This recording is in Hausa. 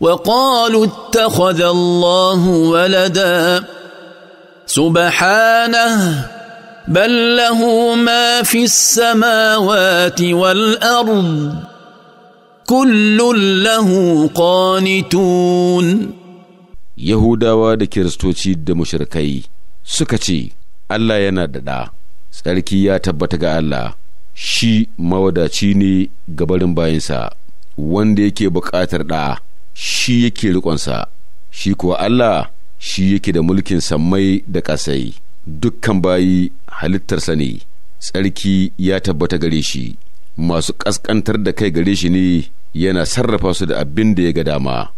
وقالوا اتخذ الله ولدا سبحانه بل له ما في السماوات والارض كل له قانتون yahudawa da kiristoci da mushrikai suka ce allah yana da ɗa tsarki ya tabbata ga allah shi mawadaci ne ga barin bayansa wanda yake buƙatar ɗa shi yake riƙonsa shi kuwa Allah shi yake da mulkin sammai da ƙasai dukkan bayi halittarsa ne tsarki ya tabbata gare shi masu ƙasƙantar da kai gare shi ne yana sarrafa su da abin da ya ga dama